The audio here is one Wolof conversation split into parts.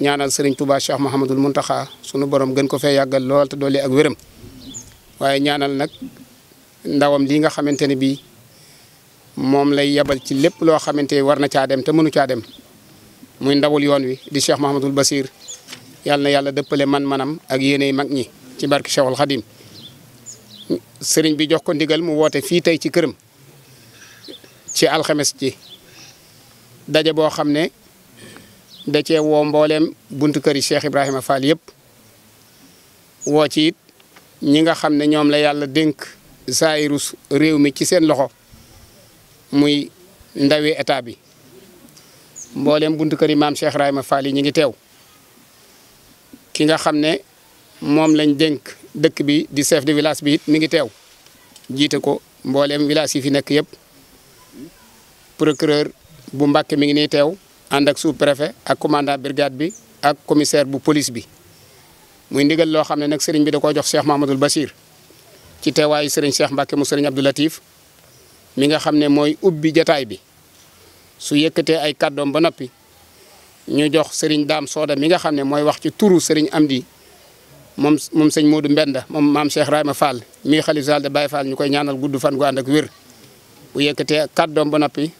ñaanal sëriñ Touba Cheikh Mouhamadul Mountakha sunu borom gën ko fee yàggal lool te doole ak wéram waaye ñaanal nag ndawam lii nga xamante ni bii moom lay yabal ci lépp loo xamante ne war na caa dem te mënu caa dem muy ndawul yoon wi di Cheikh Mouhamadul Basir yàlla na yàlla dëppale man-manam ak yéenay mag ñi ci barke Cheikhul Khadim sëriñ bi jox ko ndigal mu woote fii tey ci këram ci alxames ci daje boo xam ne. da cee woo mbooleem buntu kër yi Cheikh Ibrahima Fall yëpp woo ci it ñi nga xam ne ñoom la yàlla dénk zairus réew mi ci seen loxo muy ndawi état bi mbooleem bunt kër yi maam Cheikh Ibrahima Fall yi ñu ngi teew ki nga xam ne moom lañ dénk dëkk bi di chef de village bi it mi ngi teew jiite ko mbooleem village yi fi nekk yëpp procureur bu Mbàkke mi ngi ni teew ànd ak sous-préfet ak commandant brigade bi ak commissaire bu police bi muy ndigal loo xam ne nag sëriñ bi da ko jox seex Cheikh Mahamadoul Bachir ci teewaayu sëriñ Cheikh Mbacke mu sëriñ Abdou Latif mi nga xam ne mooy ubbi jataay bi su yëkkatee ay kàddoom ba noppi ñu jox sëriñ Daam Sooda mi nga xam ne mooy wax ci turu sëriñ Amdi moom moom sëñ Modou Mbenda moom maam Cheikh Rahima Fall mii xalif sal de Baye Fall ñu koy ñaanal gudd fan gu ànd ak wér bu yëkkatee kàddoom ba noppi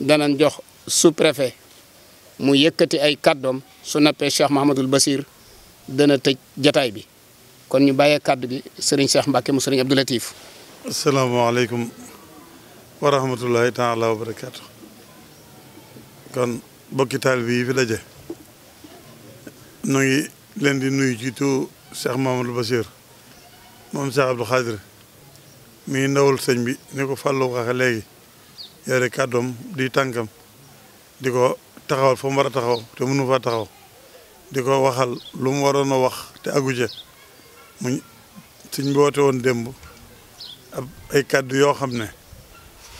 danañ jox sous mu yëkkati ay kàddoom su noppee Cheikh Mahamadul Basir dana tëj jataay bi kon ñu bàyyee kàddu bi sëriñ Cheikh Mbacke mu sëriñ Abdou Latif. asalaamaaleykum wa rahmatulahi taala wa barakaatu. kon bokki taalibe yi fi daje. nu leen di nuyu jiitu Cheikh Mahamadul Basir moom Cheikh Abdou Khadir mi ndawul sëñ bi ni ko Fallou waxee léegi yore kàddoom di tànkam di ko. taxawal foom mu war a taxaw te mënu fa taxaw di ko waxal lu mu waroon a wax te aguje mu suñ boote woon démb ay kàddu yoo xam ne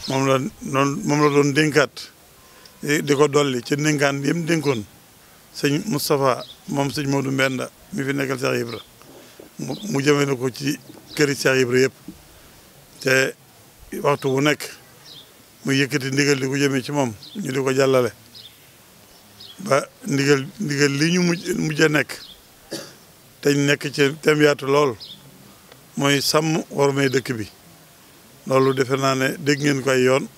moom la la doon dénkaat di ko dolli ci ndénkaan yim dénkoon sëñ Moustapha moom sëñ Modou Mbenda mi fi nekkal Cheikh Ibra mu jëmee na ko ci këri Cheikh Ibra yëpp te waxtu bu nekk mu yëkkati ndigal di ko jëmee ci moom ñu di ko jàllale ba ndigal ndigal li ñu mujj mujj a nekk teñ nekk ci tem yaatu lool mooy sàmm war may dëkk bi loolu defe naa ne dégg ngeen ko ay yoon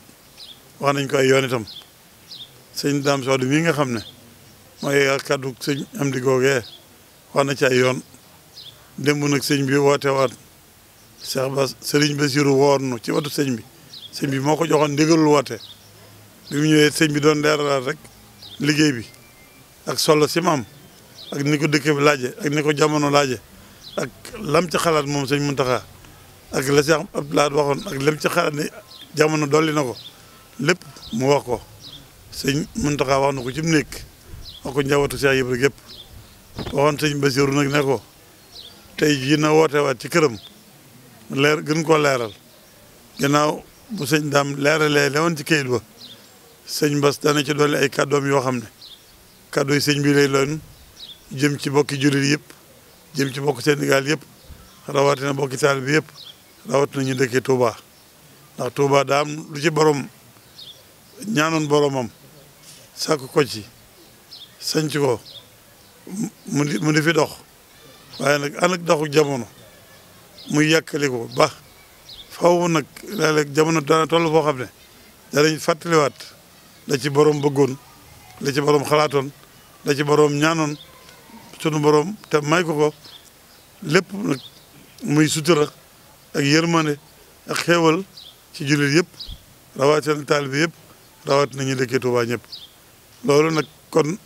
wax nañ ko ay yoon itam sëñ daam mii nga xam ne mooy kàddu sëñ am di googee wax na ci ay yoon démb nag sëñ bi woote waat Cheikh Bass sëriñ Basiru woon ci watu sëñ bi sëñ bi moo ko joxoon ndigalul woote bi mu ñëwee sëñ bi doon leeralaat rek liggéey bi ak solo si maam ak ni ko dëkk bi laaje ak ni ko jamono laaje ak lam ci xalaat moom sëñ Muntaxa ak la Seex Abdulaay waxoon ak lam ci xalaat ne jamono dolli na ko lépp mu wax ko sëñ Muntaxa wax na ko ci mu nekk wax ko njabootu Seex Ibra gépp waxoon sëñ Basiru nag ne ko tey jii na wootewaat ci këram leer gën koo leeral gannaaw bu sëñ daam leeralee lewoon ci kayit ba sëñ Mbass dana ci dolli ay kàddoom yoo xam ne kàddu yi sëñ bi lay jëm ci bokki jullit yëpp jëm ci bokk Sénégal yëpp rawatina bokki taal bi yëpp rawatina ñu dëkkee Touba ndax Touba daa lu ci borom ñaanoon boromam sàkk ko ci sanc ko mu di mu di fi dox waaye nag ànd ak doxu jamono muy ko ba faw nag léeg-léeg jamono dana toll foo xam ne danañ fàttaliwaat. la ci borom bëggoon da ci borom xalaatoon da ci boroom ñaanoon sunu boroom te may ko ko lépp nag muy sutura ak yërmande ak xéewal ci jullit yëpp rawatina taalibe yëpp rawatina ñu dëkkee Tuubaa ñëpp loolu nag kon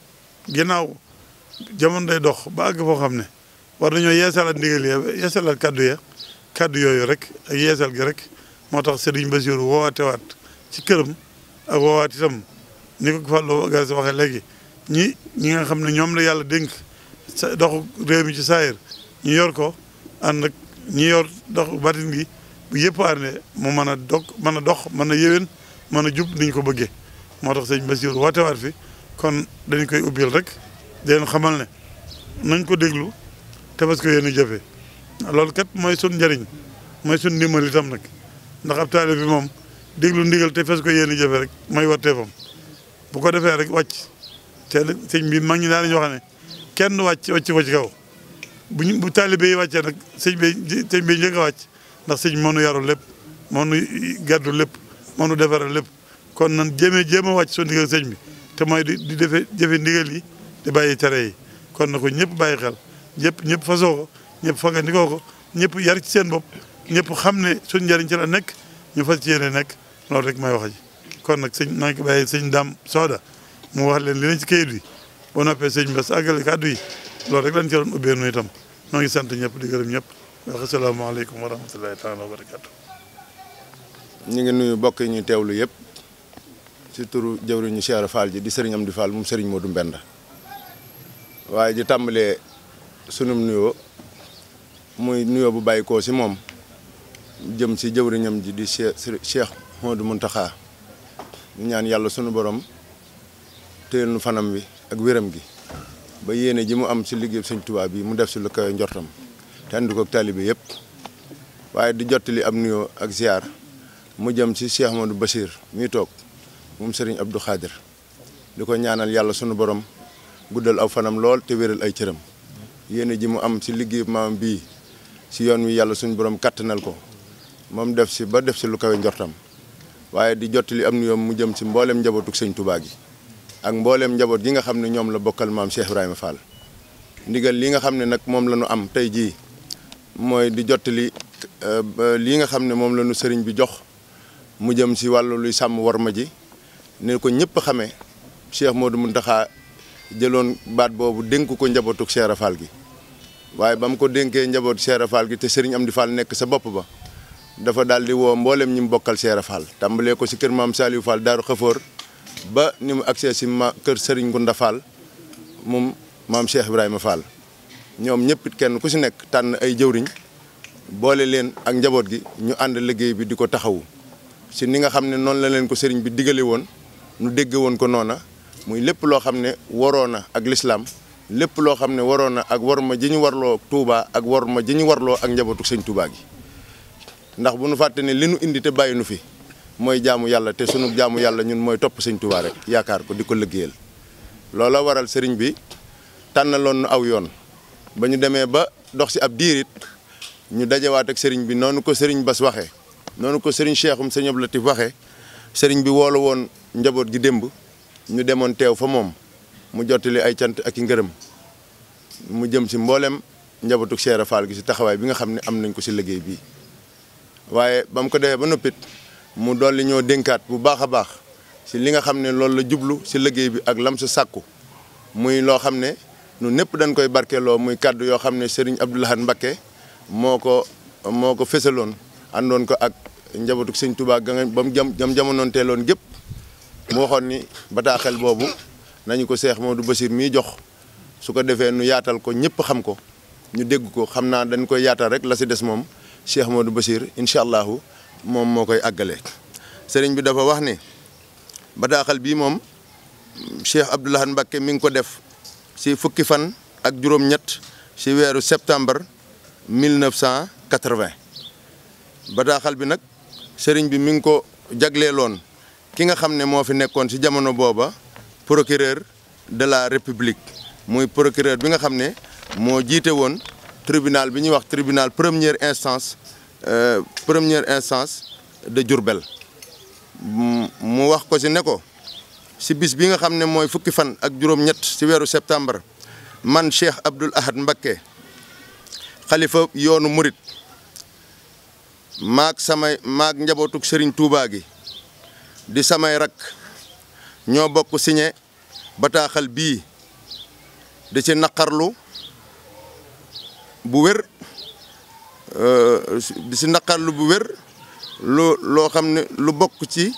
ginnaaw jamono day dox ba àgg foo xam ne war nañoo yeesalaat ndigal ya yeesalaat kàddu ya kàddu yooyu rek ak yeesal gi rek moo tax Sëriñ Basiru woowaate waat ci këram ak woowaat ni ko Fallou Galas waxee léegi ñi ñi nga xam ne ñoom la yàlla dénk sa doxu réew mi ci saayir ñu yor ko ànd ak ñi yor dox batin gi bu yëpp àndee mu mën a dog mën a dox mën a yéwén mën a jub ni ñu ko bëggee moo tax sëñ wate wootewaat fi kon dañ koy ubbil rek di leen xamal ne nañ ko déglu te parce que yéen a jëfee loolu kat mooy sun njariñ mooy sun ndimbal itam nag ndax ab taalibe bi moom déglu ndigal te fes ko yéen a jëfe rek mooy warteefam bu ko defee rek wàcc te sëñ bi mag ñi daan nañu wax kenn wàcc wàcc ko ci kaw bu ñu bu taalibe wàccee nag sëñ bi sëñ bi njëkk a wàcc ndax sëñ moo nu yarul lépp moo nu gàddu lépp moo nu defaral lépp kon nan jéemee jéem a wàcc soo ndigal sëñ bi te mooy di di defee jëfe ndigal yi di bàyyi tere yi kon na ko ñëpp bàyyi xel ñëpp ñëpp fasoo ko ñëpp fagandikoo ko ñëpp yar ci seen bopp ñëpp xam ne suñ njëriñ ci la nekk ñu fas ci yéene nekk loolu rek may wax ji kon nag siñ nañ ko bàyyi sëñ Dame Soda mu wax leen li nañ ci kayit bi boo noppee sëñ Bass àggale kàddu yi loolu rek lañ ci doon ubbee nu itam noo ngi sant ñëpp di gërëm ñëpp wax asalaamaaleykum wa rahmatullahi taala ñu ngi nuyu mbokk yi teewlu yëpp ci turu jëwriñu Cheikh Fall ji di Serigne Amdi Fall moom Serigne Modou Mbenda waaye di tàmbalee sunum nuyoo muy nuyoo bu bàyyikoo si moom jëm si jëwriñam ji di Cheikh Cheikh Modou Mountakha ñaan yàlla sunu borom téyel fanam bi ak wéram gi ba yéene ji mu am si liggéey sëñ tubaab yi mu def si lu kawe njortam te andi ko ak taalibe yëpp waaye di jottali ab nuyoo ak ziar mu jëm si Cheikh Amadou Bachir mi toog moom sëriñ Abdou Khadir di ko ñaanal yàlla sunu borom guddal aw fanam lool te wéral ay cëram yéene ji mu am si liggéey maam bii si yoon wi yàlla suñu borom kattanal ko moom def si ba def si lu kawe njortam. waaye di li am nuyoo mu jëm si mbooleem njabootug sëñ tubaa gi ak mbooleem njaboot gi nga xam ne ñoom la bokkal maam Cheikh Ibrahima Fall ndigal li nga xam ne nag moom la ñu am tey jii mooy di jottali euh, lii nga xam ne moom la ñu sëriñ bi jox mu jëm si wàll luy sàmm war ma ji ne ko ñëpp xamee du Modou Mountakha jëloon baat boobu dénk ko njabootug Cheikh Fall gi waaye ba mu ko dénkee njaboot Cheikh Fall gi te sëriñ di Fall nekk sa bopp ba. dafa daal di woo mboolem ñi mu bokkal Seera Fall tàmbalee ko si kër maam Saliou Fall Daaru Xafoor ba ni mu agsee si ma kër Serigne Gunda Fall moom maam Cheikh Ibrahima Fall ñoom ñëpp kenn ku si nekk tànn ay jëwriñ boole leen ak njaboot gi ñu ànd liggéey bi di ko taxawu si ni nga xam ne noonu la leen ko sëriñ bi digale woon nu dégg woon ko noona muy lépp loo xam ne waroon na ak lislaam lépp loo xam ne waroon na ak war ma ji ñu warloo tuubaa ak war ma ji ñu warloo ak njabootu sëñ Touba ndax bu nu fàtte ne li nu indi te bàyyi nu fi mooy jaamu yàlla te sunu jaamu yàlla ñun mooy topp sëñ Tuubaa yaakaar ko di ko liggéeyal loola waral sëriñ bi tànnaloon nu aw yoon ba ñu demee ba dox si ab diirit ñu dajewaat ak sëriñ bi noonu ko sëriñ Bas waxee noonu ko sëriñ Cheikhum sëñ Abdou Latif waxee sëriñ bi woolu woon njaboot gi démb ñu demoon teew fa moom mu jottali ay cant ak i ngërëm mu jëm si mboolem njabootu Cheikh Fall gi si taxawaay bi nga xam ne am nañ ko si liggéey bii. waaye ba mu ko defee ba noppit mu dolli ñoo dénkaat bu baax a baax si li nga xam ne loolu la jublu si liggéey bi ak lam sa sàkku muy loo xam ne nu népp dañ koy barkeeloo muy kàddu yoo xam ne Serigne Abdou Lahad Mbacké moo ko moo ko fésaloon àndoon ko ak njabootu Sëñ Touba ga nga ba mu jam jam jamonoonteeloon gépp mu waxoon ni bataaxel boobu nañu ko Seex Maodo Bachir mii jox su ko defee nu yaatal ko ñëpp xam ko ñu dégg ko xam naa dañ koy yaatal rek la si des moom Cheikh Modou Bachir incha allahu moom moo koy àggale sëriñ bi dafa wax ni badaaxal bii moom Cheikh Abdoul Ahad Mbacké mi ngi ko def si fukki fan ak juróom-ñett si weeru septembre 1980 bataaxal bi nag sëriñ bi mi ngi ko jagleeloon ki nga xam ne moo fi nekkoon si jamono booba procureur de la république muy procureur bi nga xam ne moo jiite woon. tribunal bi ñuy wax tribunal première instance euh, première instance de jurbel mu wax ko si ne ko ci bis bi nga xam ne mooy fukki fan ak juróom-ñett ci weeru septembre man Cheikh Abdoul Ahad Mbacké xalifa yoonu murit maag samay maag njabootuk Serigne Touba gi di samay rak ñoo bokk signé bataaxal bii di ci naqarlu bu wér euh, di si naqarlu bu wér lu loo xam ne lu bokk ci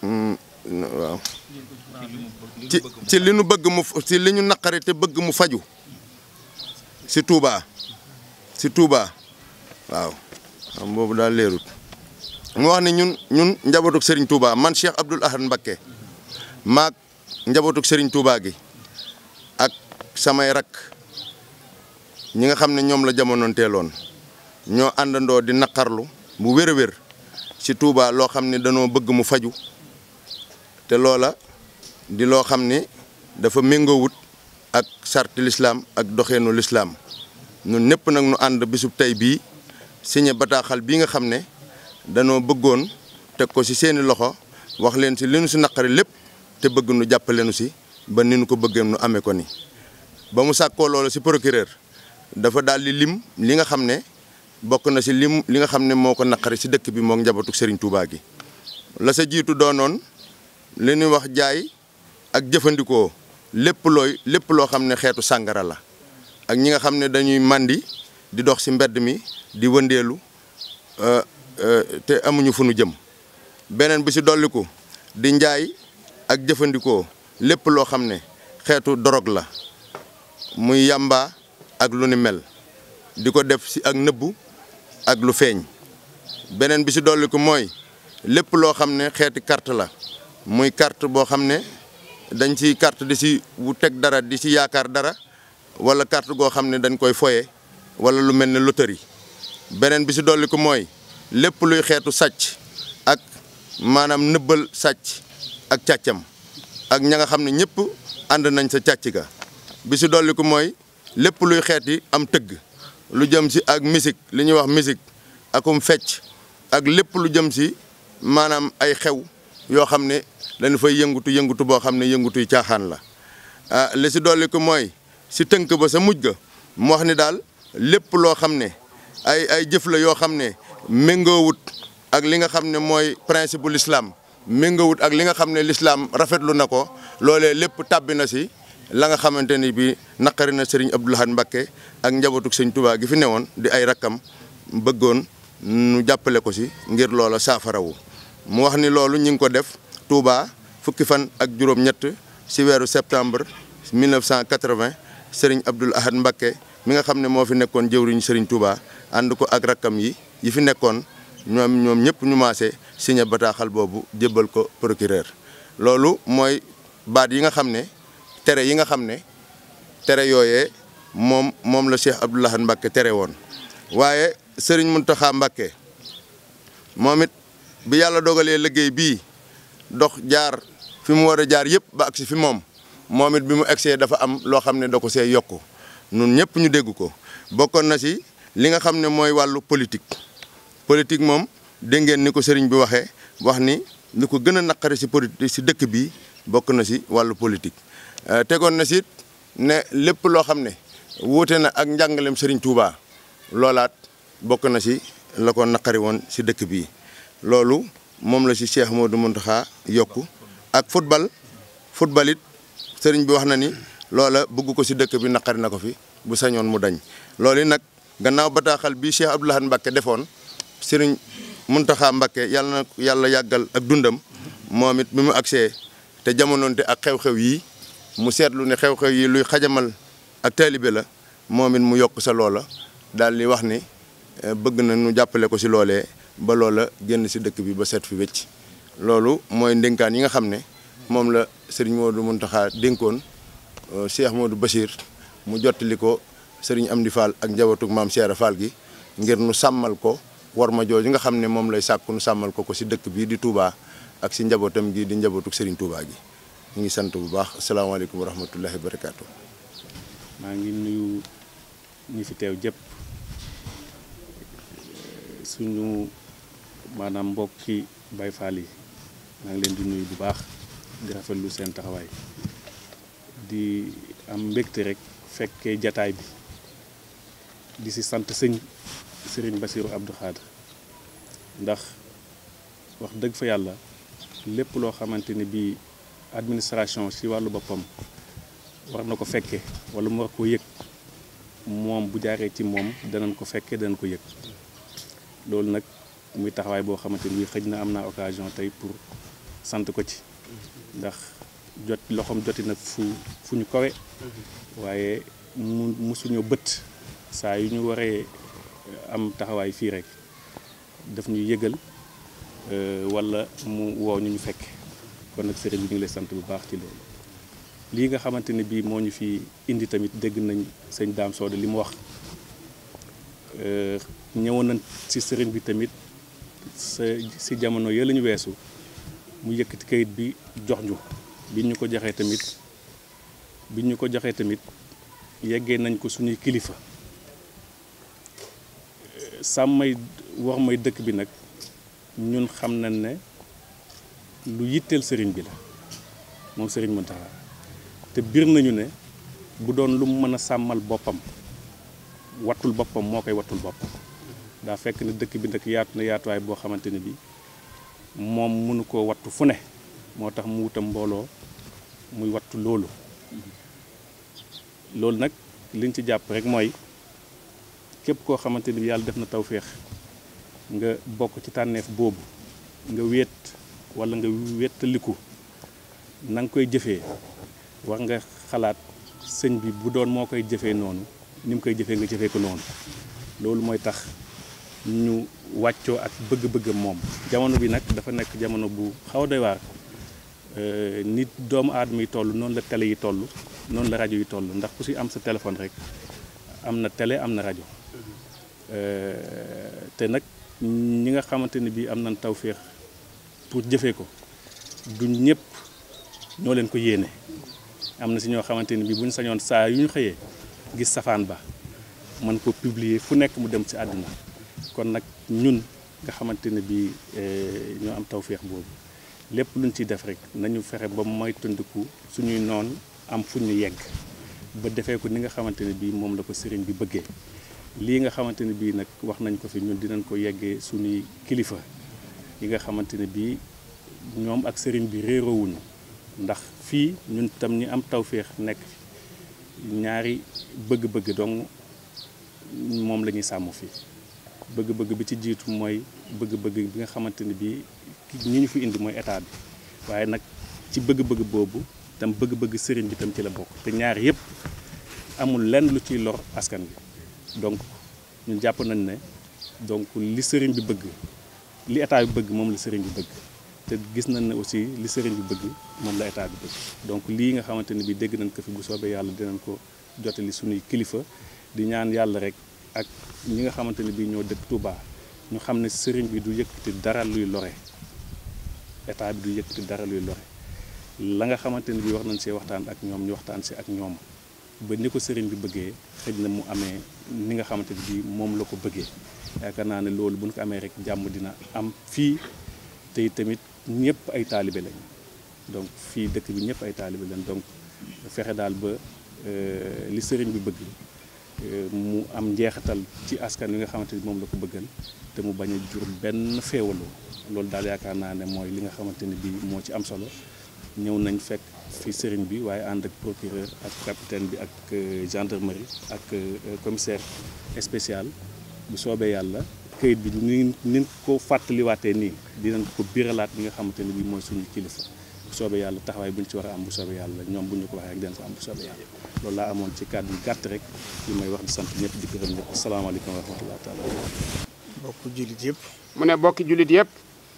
hmm, waaw ci ci li nu bëgg mu ci faju si Touba si Touba waaw xam boobu daal leerut mu wax ne ñun ñun njabootuk Serigne Touba man Cheikh Abdoul Ahad Mbacké maag njabootuk Serigne Touba gi samay rak ñi nga xam ne ñoom la jamononteeloon ñoo àndandoo di naqarlu bu wér a wér ci tuuba loo xam ne danoo bëgg mu faju te loola di loo xam ne dafa méngoowut ak sarti lislaam ak doxeenu lislaam ñun ñëpp nag nu ànd bisub tey bii signé bataaxal bii nga xam ne danoo bëggoon teg ko ci seeni loxo wax leen ci li si ci naqari lépp te bëgg nu jàppaleenu ci ba ni nu ko bëggee nu amee ko ni ba mu sàkkoo loolu si procureur dafa daal lim li nga xam ne bokk na si lim li nga xam ne moo ko naqari si dëkk bi moom njabootu Serigne Touba gi. la sa jiitu doonoon li ñuy wax jaay ak jëfandikoo lépp looy lépp loo xam ne xeetu sàngara la ak ñi nga xam ne dañuy màndi di dox si mbedd mi di wëndeelu euh, euh, te amuñu fu nu jëm beneen bi si dolliku di njaay ak jëfandikoo lépp loo xam ne xeetu dorog la. muy yàmba ak lu ni mel di ko def si ak nëbbu ak lu feeñ beneen bi si ko mooy lépp loo xam ne xeeti carte la muy carte boo xam ne dañ si carte di si wu teg dara di si yaakaar dara wala carte goo xam ne dañ koy foye wala lu mel ne loterie beneen bi si ko mooy lépp luy xeetu sàcc ak maanaam nëbbal sàcc ak càccam ak ña nga xam ne ñëpp ànd nañ sa càcc ga bi si dolli mooy lépp luy xeeti am tëgg lu jëm si ak musique li ñuy wax musique akum fecc ak lépp lu jëm si maanaam ay xew yoo xam ne dañu fay yëngutu yëngutu boo xam ne yëngutuy caaxaan la ah, li si dolli mooy si tënk ba sa muj ga mu wax ni daal lépp loo xam ne ay ay jëf la yoo xam ne méngoowut ak li nga xam ne mooy principe bu l'islam méngoowut ak li nga xam ne l'islam rafetlu na ko loole lépp tàbbi na si la nga xamante ni bii naqari na Serigne Abdoul Ahad Mbacké ak njabootuk sëñ Touba gi fi newoon di ay rakkam bëggoon nu jàppale ko si ngir loola saafarawu mu wax ni loolu ñi ngi ko def Touba fukki fan ak juróom-ñett si weeru septembre 1980 Serigne Abdoul Ahad Mbacké mi nga xam ne moo fi nekkoon jëwriñu Serigne Touba ànd ko ak rakkam yi yi fi nekkoon ñoom ñoom ñëpp ñu maase signé bataaxal boobu jébbal ko procureur loolu mooy baat yi nga xam ne. tere yi nga xam ne tere yooyee moom moom la Cheikh Abdoul Ahad Mbacké tere woon waaye sëriñ Mountakha Mbacké moom it bi yàlla dogalee liggéey bii dox jaar fi mu war a jaar yëpp ba agsi fi moom moom bi mu agsee dafa am loo xam ne da ko see yokk nun ñëpp ñu dégg ko bokkoon na si li nga xam ne mooy wàllu politique politique moom dégg ngeen ni ko sëriñ bi waxee wax ni li ko gën a naqari si politique si dëkk bi bokk na si wàllu politique Euh, tegoon na siit ne lépp loo xam ne wuute na ak njàngalem Serigne Touba loolaat bokk na si la ko naqari woon si dëkk bi loolu moom la si du Modou Mountakha yokku ak football football it Serigne bi wax na ni loola bëgg ko si dëkk bi naqari na ko fi bu sañoon mu dañ loolu nag gannaaw bataaxal bi Cheikh Abdou Lahad Mbacké defoon Serigne Mountakha Mbacké yàlla yàlla yàggal ak dundam moom it bi mu agsee te jamonoonte ak xew-xew yii mu seetlu ne xew-xew yi luy xajamal ak taalibe la moom it mu yokk sa loola daal di wax ni eh, bëgg na nu jàppale ko si loolee ba loola génn si dëkk bi ba seet fi wécc loolu mooy ndënkaan yi nga xam ne moom la sëriñ Modou Mountakha dénkoon euh, Cheikh Modou Bachir mu jottali ko sëriñ Amdi Fall ak njabootug maam Cheikh gi ngir nu sàmmal ko war ma jooju nga xam ne moom lay sàkku nu sàmmal ko ko si dëkk bii di Touba ak si njabootam gi di njabootug sëriñ Touba gi. mu ngi sant bu baax asalaamaaleykum wa rahmatullahi wa barakaatu. maa ngi nuyu ñu fi teew jëpp suñu maanaam mbokki Baye Fall yi maa ngi leen di nuyu bu baax di rafet lu seen taxawaay di am mbégte rek fekkee jataay bi di si sant sëñ sëriñ basiiru Abdou Khadre ndax wax dëgg fa yàlla lépp loo xamante ni bii. administration si wàllu boppam war na ko fekkee wala mu war ko yëg moom bu jaaree ci moom danañ ko fekkee danañ ko yëg loolu nag muy taxawaay boo xamante ni xëj na am naa occasion tey pour sant ko ci ndax jot loxoom joti nag fu fu ñu kawe waaye mu musuñoo bët saa yu ñu waree am taxawaay fii rek daf ñuy yëgal euh, walla mu wow ñu ñu fekke kon nag sëriñ bi ñu ngi lay sant bu baax ci loolu lii nga xamante ne bii moo ñu fi indi tamit dégg nañ sëñ Dame Sode li mu wax euh, ñëwoon nañ si sëriñ bi tamit sa si jamono yële ñu weesu mu yëkkati kayit bi jox ñu bi ñu ko joxee tamit bi ñu ko joxee tamit yeggee nañ ko suñuy kilifa euh, sàmmay wax may dëkk bi nag ñun xam nañ ne. lu yitteel sëriñ bi la moom sëriñ Mountakha te biir nañu ne bu doon lu mën a sàmmal boppam wattul boppam moo koy wattul boppam daa fekk ne dëkk bi nag yaatu na yaatuwaay boo xamante ne bi moom mënu koo wattu fu ne moo tax mu wutam mbooloo muy wattu loolu loolu nag liñ ci jàpp rek mooy képp koo xamante ni yàlla def na tawféex nga bokk ci tànneef boobu nga wéet wala nga wettaliku nanga koy jëfee war nga xalaat sëñ bi bu doon moo koy jëfee noonu ni mu koy jëfee nga jëfee ko noonu loolu mooy tax ñu wàccoo ak bëgg-bëggam moom jamono bi nag dafa nekk jamono bu xaw a doy waar euh, nit doomu aadama yi toll noonu la télé yi toll noonu la rajo yi toll ndax ku si am sa téléphone rek am na tele am na rajo euh, te nag ñi nga xamante ne bii am nañ tawféex pour jëfee ko du ñëpp ñoo leen ko yéene am na si ñoo xamante ni bi bu ñu sañoon saa yu ñu xëyee gis safaan ba man ko publier fu nekk mu dem ci àddina kon nag ñun nga xamante ne bi eh, ñoo am tawféex boobu lépp luñ ciy def rek nañu fexe ba moytandiku suñuy noon am fu ñu yegg ba defee ko ni nga xamante ne bii moom la ko sëriñ bi bëggee lii nga xamante ne bii nag wax nañ ko fi ñun dinañ ko yeggee suñuy kilifa yi nga xamante ne bii ñoom ak sëriñ bi réeroowuñu ndax fii ñun tam ñi am tawféex nekk fi ñaari bëgg-bëgg dong moom lañuy sàmm fii bëgg-bëgg bi ci jiitu mooy bëgg-bëgg bi nga xamante ne bii ñi ñu fi indi mooy état bi waaye nag ci bëgg-bëgg boobu tam bëgg-bëgg sëriñ bi tam ci la bokk te ñaari yëpp amul lenn lu ciy lor askan bi donc ñun jàpp nañ ne donc li sëriñ bi bëgg li état bi bëgg moom la sëriñ bi bëgg te gis nañ ne aussi li sëriñ bi bëgg moom la état bi bëgg donc lii nga xamante ne bi dégg nañ ko fi bu soobee yàlla dinañ ko jotali suñuy kilifa di ñaan yàlla rek ak ñi nga xamante ne bi ñoo dëkk Touba ñu xam ne sëriñ bi du yëkkati dara luy lore état bi du yëkkati dara luy lore la nga xamante ne bi wax nañ see waxtaan ak ñoom ñu waxtaan si ak ñoom ba ni ko sëriñ bi bëggee xëj na mu amee ni nga xamante ne bi moom la ko bëggee yaakaar naa ne loolu bu ñu ko amee rek jàmm dina am fii tey tamit ñëpp ay taalibe lañ donc fii dëkk bi ñëpp ay taalibe lañ donc fexe daal ba euh, li sëriñ bi bëgg euh, mu am njeexital ci askan wi nga xamante ni moom la ko bëggal te mu bañ jur benn féewaloo loolu daal yaakaar naa ne mooy li nga xamante ni bii moo ci am solo ñëw nañ fekk fi sëriñ bi waaye ànd ak procureur ak capitaine bi ak euh, gendarmerie ak commissaire spécial bu soobee yàlla kayit bi ni ni ko fàttaliwaatee nii dinañ ko biralaat bi nga xamante ne bii mooy suñu kilifa bu soobee yàlla taxawaay bu ñu ci war a am bu soobee yàlla ñoom bu ñu ko waxee rek dinañ ko am bu soobee yàlla loolu laa amoon ci kàddu gàtt rek li may wax di sant ñëpp di gërëm ñëpp asalaamaaleykum wa rahmatulah taala bokk jullit yëpp mu ne bokki jullit yëpp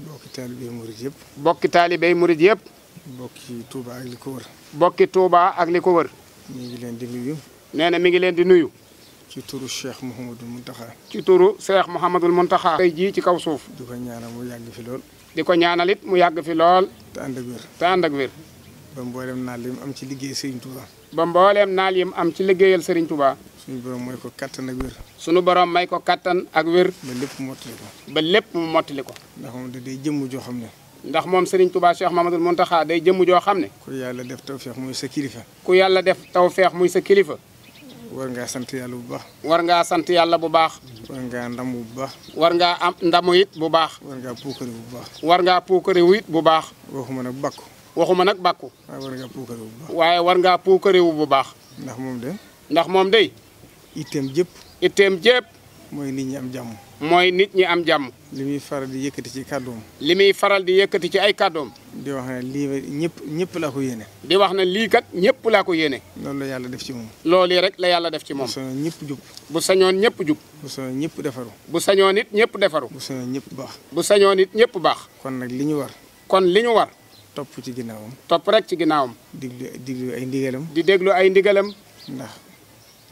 bokki taalibey murit yëpp bokki taalibey murit yëpp bokki Touba ak li ko wër bokki Touba ak li ko wër mi ngi leen di nuyu nee na mi ngi leen di nuyu ci turu Cheikh Mouhamadul Mountakha. ci turu Cheikh Mouhamadul Mountakha. tey jii ci kaw suuf. di ko ñaanal mu yàgg fi lool. di ko ñaanal it mu yàgg fi lool. te ànd ak wér. te ànd ak wér. ba mbooleem naal yi am ci liggéey Serigne Touba. ba mbooleem naal yi am ci liggéeyal Serigne Touba. suñu borom may ko kattan ak wér. suñu borom may ko kattan ak wér. ba lépp mu mottali ko. ba lépp mu mottali ko. ndax moom da day jëmm joo xam ne. ndax moom Serigne Touba Cheikh Mamadou Mountakha day jëmm joo xam ne. ku yàlla def tawfeex muy sa kilifa. ku yàlla def tawfeex muy sa kilifa. war ngaa sant yàlla bu baax. war ngaa sant yàlla bu baax. war ngaa ndamu bu baax. war ngaa am ndamu bu baax. war ngaa bu bax war ngaa puukari wu it bu baax. waxuma nag bakku. waxuma nag bakku. waaye war ngaa puukari bu baax. bu baax. ndax moom de. ndax moom de. itteem jëpp. itteem jëpp. mooy nit ñi am jàmm. mooy nit ñi am jàmm. li muy faral di yëkkati ci kàddoom. li muy faral di yëkkati ci ay kàddoom. di wax ne lii ñëpp ñëpp laa ko yéene. di wax ne lii kat ñëpp laa ko yéene. loolu la yàlla def ci moom. loolu rek la yàlla def ci moom. bu sañoon ñëpp jub. bu sañoon ñëpp jub. bu sañoon ñëpp defaru. bu sañoon it ñëpp defaru. bu sañoon ñëpp baax. bu sañoon it ñëpp baax. kon nag li ñu war. kon li ñu war. topp ci ginnaawam. topp rek ci ginnaawam. di déglu ay di déglu ay ndigalam. ndax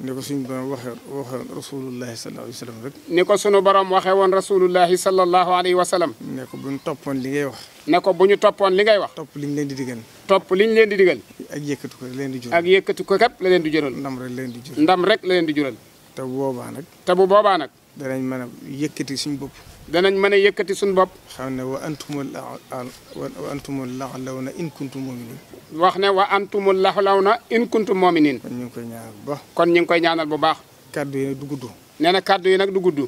ni ko suñu borom waxee waxoon rasulullahi sallallahu alayhi wa sallam rek. ni ko suñu borom waxee woon rasulullahi sallallahu alayhi wa sallam. ne ko bu ñu toppoon li ngay wax. ne ko bu ñu toppoon li ngay wax. topp li ñu leen di digal. topp liñ leen di digal. ak yëkkatu ko leen di jural. ak yëkkatu ko képp la di jural. ndam rek leen di jural. ndam rek la di jural. te bu boobaa nag. te bu boobaa nag. danañ mën a yëkkati suñu bopp. danañ mën a yëkkati suñu bopp. xam ne wa antumul wa antumul laxlawna in kuntum muminin. wax ne wa antumul laxlawna in kuntum muminin. kon ñu ngi koy ñaanal bu baax. kon ñu ngi koy ñaanal bu baax. kaddu yi nag du gudd. nee na kaddu yi nag du gudd.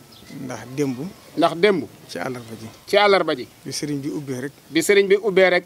ndax dëmbu ndax démb. ci àllarba ji. ci àllarba ji. bi sëriñ bi ubbee rek. bi sëriñ bi ubbee rek.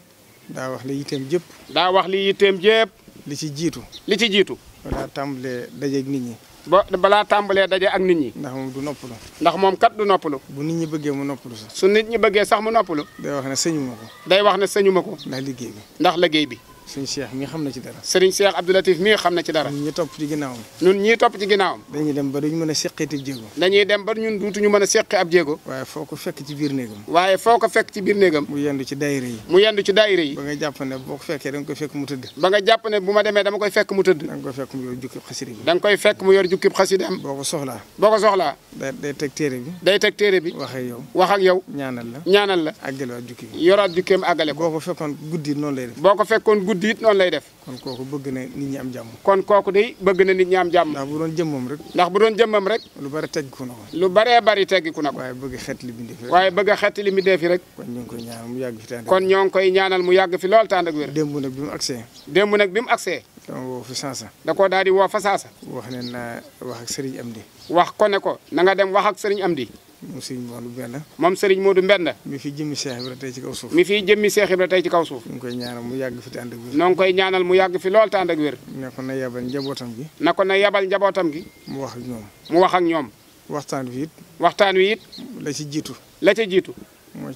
daa wax li yitteem jëpp. daa wax li yitteem jëpp. li ci jiitu. li ci jiitu. wala tàmbalee dajeeg nit ñi. ba balaa tàmbalee daje ak nit ñi. ndax moom du noppalu. ndax moom kat du noppalu. bu nit ñi bëggee mu noppalu sax. su nit ñi bëggee sax mu noppalu. day wax ne sëñu ko. day wax ne sëñu ko. ndax liggéey bi ndax liggéey bi. sëñ Cheikh mi xam na ci dara. sëriñ Cheikh Abdou Latif mi xam na ci dara. ñun ñi topp ci ginnaawam. ñun ñii topp ci ginnaawam. dañuy dem ba duñ mën a seqeeti jéego. dañuy dem ba ñun duutuñu mën a seqi ab jéego. waaye foo ko fekk ci biir néegam. waaye foo ko fekk ci biir néegam. mu yendu ci daayira yi. mu yendu ci daayira yi. ba nga jàpp ne boo ko fekkee da nga koy fekk mu tëdd. ba nga jàpp ne bu ma demee dama koy fekk mu tëdd. da nga koy fekk mu yor jukkib xasida bi. da nga koy fekk mu yor jukkib xasida am. boo ko soxlaa. boo ko soxlaa. day day teg téere bi. day teg téere bi. wax ak yow. wax ak yow. ñaanal la. ñaanal la. àggale waat jukki bi. yoraat jukkeem àggale ko. boo ko fekkoon guddi noonu lay def. boo ko fekkoon guddi guddi noon lay def. kon kooku bëgg na nit ñi am jàmm. kon kooku de bëgg na nit ñi am jàmm. ndax bu doon jëmmam rek. ndax bu doon jëmmam rek. lu bari teggiku na ko. lu baree bari teggiku na bëgg xet li bindee fi rek. waaye bëgg xet li bindee fi rek. kon ñoo ngi ñaanal mu yàgg fi kon ñoo ngi koy ñaanal mu yàgg fi lool tànd ak wér. démb nag bi mu agsee. démb nag bi mu agsee. dama woo fi saasa. da koo daal di woo fa saasa. wax ne naa wax ak Serigne Amdi. wax ko ne ko na nga dem wax ak am di moom Serigne Modou Mbenda. moom Serigne Modou Mbenda. mi fi jëmmi Cheikh Ibra tey ci kaw suuf. mi fi jëmmi Cheikh Ibra tey ci kaw suuf. ñu ngi koy mu yàgg fi te ànd ak wér. ñoo ngi mu yàgg fi lool te ànd ak na ko na yabal njabootam gi. na ko na yabal gi. mu wax ak ñoom. mu wax ak ñoom. waxtaan wi waxtaan wi it. la ci jiitu. la ca jiitu. mooy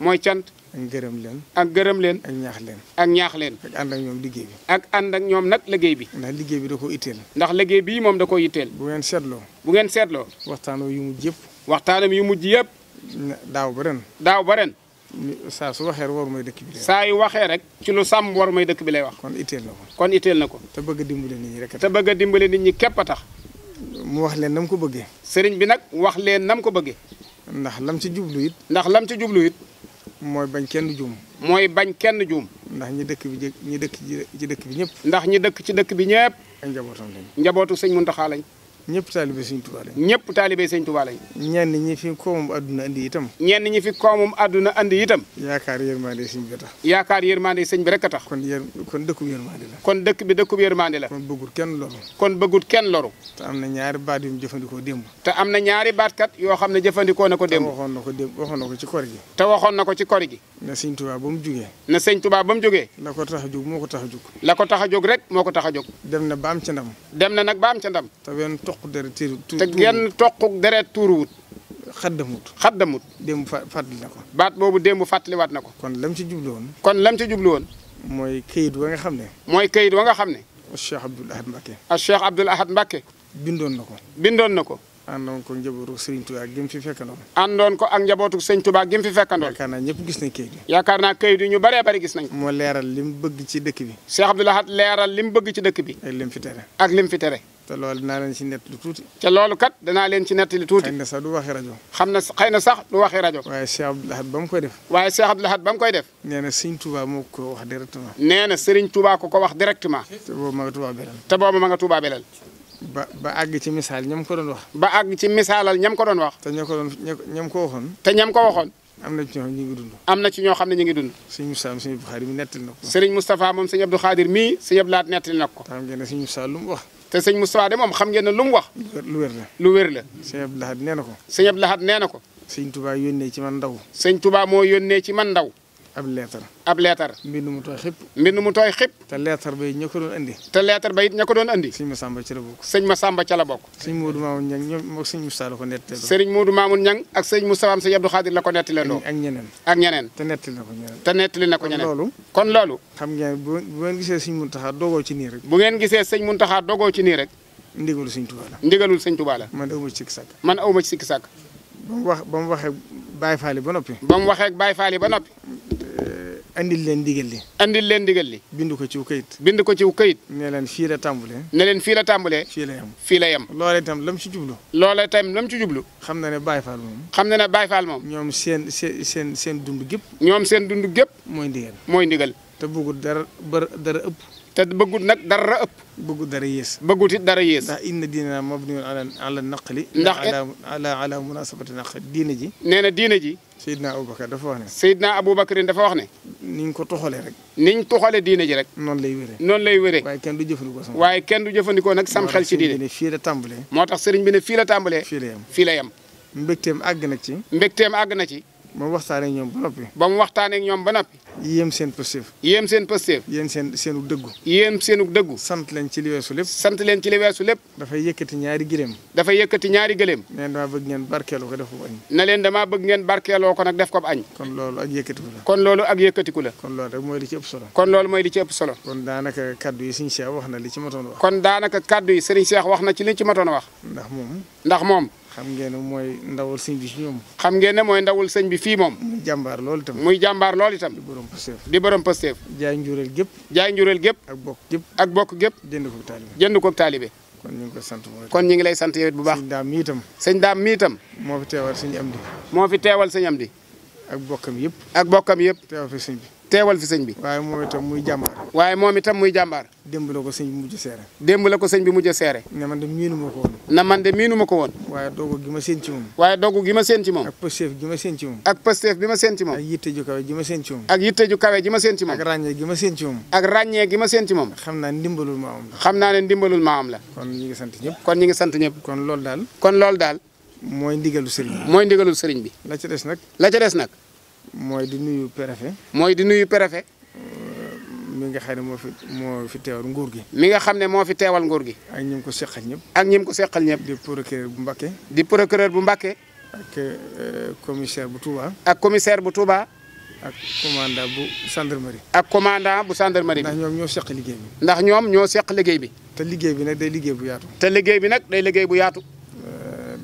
mooy cant. gërëm leen. ak gërëm leen. ak ñaax leen. ak ñaax leen. ak ak ñoom liggéey bi. ak ànd ak ñoom nag liggéey bi. ndax liggéey bi da koo itteel. ndax liggéey bii moom da koo itteel. bu ngeen seetloo. bu ngeen seetloo. waxtaanoo yu mu jëpp. waxtaanam yu mujj yëpp. daaw ba daaw ba saa su waxee war may dëkk bi. saa yu waxee rek ci lu sàmm war may dëkk bi lay wax. kon itteel na ko. kon itteel na ko. te bëgg a dimbale nit ñi rek te bëgg a nit ñi képp a tax. mu wax leen nam ko bëggee. sëriñ bi nag wax leen nam ko bëggee. ndax lam ci jublu it. ndax lam ci jublu it. mooy bañ kenn juum. mooy bañ kenn juum. ndax ñi dëkk bi jë ñi dëkk ci dëkk bi ñëpp. ndax ñi dëkk ci dëkk bi ñëpp. njabootam lañ njabootu sëñ Muntaxa lañ. ñëpp taalibe sëñ Tuubaa lañ. ñëpp taalibe sëñ Tuubaa lañ. ñenn ñi fi koomum àdduna andi itam. ñenn ñi fi koomum àdduna andi itam. yaakaar yërmande sëñ bi tax. yaakaar yërmande sëñ bi rek a tax. kon yër kon dëkkub yërmande la. kon dëkk bi dëkkub yërmande la. kon bëggul kenn loru. kon bëggul kenn loru. te am na ñaari baat yu mu jëfandikoo démb. te am na ñaari baat kat yoo xam ne jëfandikoo na ko démb. te waxoon na ko démb waxoon na ko ci kor gi. te waxoon na ko ci kor gi. na sëñ Tuubaa ba mu jógee. na sëñ Tuubaa ba mu jógee. la ko tax a jóg moo ko tax a jóg. la ko tax a jóg rek moo ko tax a jóg. dem na ba am ca ndam. dem na nag ba am ca ndam. toq deret tuur te genn toquk deret tuuruwut. xaddamut xaddamut. démb fa fàttali na ko. baat boobu démb fàttaliwaat na ko. kon lam ci jublu woon. kon lam ci jublu woon. mooy kayit wa nga xam ne. mooy kayit wa nga xam ne. ak Cheikh Abdoul Ahad Mbacké. ak Cheikh Abdoul Ahad Mbacké. bindoon na ko. bindoon na ko. àndoon ko njabootu Serigne Touba gi mu fi fekkandoon. àndoon ko ak njabootu Serigne Touba gi mu fi fekkandoon. yaakaar gis nañ kayit yi. yaakaar naa kayit yi ñu bëree bëri gis nañ ko. moo leeral li mu bëgg ci dëkk bi. Cheikh Abdoul Ahad leeral li mu bëgg ci dëkk bi. ak lim fi tere. ak lim fi tere. te loolu dinaa leen ci nett lu tuuti te loolu kat danaa leen ci nett lu tuuti xëy na sax du waxee rajo xam na xëy na sax du waxee rajo waaye Cheikh Abdoul Ahad ba mu koy def waaye Cheikh Abdoul Ahad ba mu koy def nee na Serigne Touba moo ko wax directement nee na Serigne Touba ko ko wax directement te boobu ma nga te boobu ma nga Touba Belal ba ba àgg ci misaal ñam ko doon wax ba àgg ci misaalal ñam ko doon wax te ña ko doon ñam ko am na dund am na ci ñoo xam ne ñu ngi dund sëñ Moustapha sëñ Abdou Khadir mi nettali na ko moom sëñ Abdou Khadir mii na ko xam ngeen ne lu mu wax te sëñ Moustapha de moom xam ngeen ne lu mu wax. lu wér la lu wér la. sëñ Abdou Lahad nee na ko. sëñ Abdou Lahad nee na ko. sëñ Touba yónnee ci man ndaw. sëñ Touba moo yónnee ci man ndaw. ab leetar ab leetar mbind mu tooy xëpp mbind mu tooy xëpp te leetar ba it ña ko doon andi te leetar ba it ña ko doon andi sëñ ma ca la bokk ma Masamba ca la bokk sëñ Modou Mamoun Ñang ñoom ak sëñ Moustapha la ko nettali sëriñ Modou Mamoun Ñang ak sëñ Moustapha am sëñ Abdou Khadir ko nettali loo ak ñeneen ak ñeneen te nettali na ko ñeneen te nettali na ko ñeneen loolu kon loolu xam ngeen bu ngeen gisee sëñ Muntaxa dogoo nii rek bu ngeen gisee sëñ Muntaxa dogoo ci nii rek ndigalul sëñ Tuubaa la ndigalul sëñ Tuubaa la man awma ci sikki sàkk man awma ci ba mu wax ba mu waxee Baye Fall ba noppi. ba mu waxee Baye Fall ba noppi. Eh, andil leen ndigal li. andil leen ndigal li. bind ko ci wu kayit. bind ko ci wu kayit. ne leen fii la tàmbalee. ne leen fii la tàmbalee. fii la yem fii la yem. loolee itam lam ci jublu. loolee itam lam ci jublu. xam na ne Baye Fall moom. xam na ne Baye Fall moom. ñoom seen seen seen seen dund gépp. ñoom seen dund gépp. mooy ndigal mooy ndigal. te bëggul dara dara ëpp. te bëggut nag dara ëpp. bëggut dara yées. bëggut it dara yées. ndax inna diina mabniyun ala ala naqli. ndax ala ala munasabati naqli diina ji. nee na diina ji. Seydina Aboubacar dafa wax ne. Seydina Aboubacar dafa wax ne. niñ ko toxalee rek. niñ toxalee diina ji rek. noonu lay wéree. noonu lay wéree. waaye kenn du jëfandikoo sama. waaye kenn du jëfandikoo nag sam xel ci diine. fii la moo tax sëriñ bi ne fii la tàmbalee. fii la yem fii la yem. mbégteem àgg na ci. mbégteem àgg na ci. ba mu waxtaanee ñoom ba noppi. ba mu waxtaanee ñoom ba noppi. yéem seen pësteef. yéem seen pësteef. yéen seen seenu dëggu. yéem seenu dëggu. sant leen ci li weesu lépp. sant leen ci li weesu lépp. dafay yëkkati ñaari gëléem. dafay yëkkati ñaari gëléem. ne leen damaa bëgg ngeen barkeeloo ko def ko añ. leen damaa bëgg ngeen barkeeloo ko nag def ko añ. kon loolu ak yëkkatiku la. kon loolu ak yëkkatiku la. kon loolu rek mooy li ci solo. kon loolu mooy di ci ëpp solo. kon daanaka kaddu yi sëriñ Cheikh wax na li ci matoon wax. kon daanaka kaddu yi sëriñ Cheikh wax na ci li ci matoon wax. ndax moom. ndax moom. xam ngeen ne mooy ndawul sëñ bi ci ñoom. xam ngeen ne mooy ndawul sëñ bi fii moom. muy jàmbaar lool itam. muy jàmbaar lool itam. di borom Pastef. di borom Pastef. jaay njureel gépp. jaay njureel gépp. ak bokk gépp. ak bokk gépp. jënd koog taalibe. jënd koog kon ñu ngi sant mooy. kon ñu ngi lay sant yow bu baax. sëñ daam mi itam. sëñ daam mi itam. moo fi teewal am Amdi. moo fi teewal sëñ Amdi. ak bokkam yëpp. ak bokkam yëpp. teewal fi sëñ bi. teewal fi sëñ bi. waaye moom itam muy jàmbaar. waaye moom itam muy jàmbaar. démb la ko sëñ bi mujj seere. ko sëñ bi mujj seere. na man de miinu ma ko woon. na man de miinu ma ko woon. waaye dogu gi ma séen ci moom. waaye dogu gi ma séen ci moom. ak pësteef gi ma séen ci moom. ak pësteef ma séen ci moom. ak yitte ju kawe ji ma séen ci moom. ak yitte ju kawe ji ma séen ci moom. ràññee gi ma séen ci moom. xam naa ndimbalul maam la. xam naa ne ndimbalul maam la. kon ñi ngi sant ñëpp. kon ñi ngi sant kon loolu daal. kon loolu daal. mooy ndigalu sëriñ bi. mooy ndigalu sëriñ bi. la ca des nag. la ca des nag. mooy di nuyu préfet. mooy di nuyu préfet. Euh, mi nga xam ne moo fi moo fi teewal nguur gi. mi nga xam ne moo fi teewal nguur gi. ak ñi ko seqal ñëpp. ak ñi ko seqal ñëpp. di procureur bu Mbakke. di procureur bu Mbakke. ak euh, commissaire bu Touba. ak commissaire bu Touba. ak commandant bu gendarmerie. ak commandant bu gendarmerie bi. ndax ñoom ñoo seq liggéey ndax ñoom ñoo seq liggéey bi. te liggéey bi nag day liggéey bu yaatu. te liggéey bi nag day liggéey bu yaatu.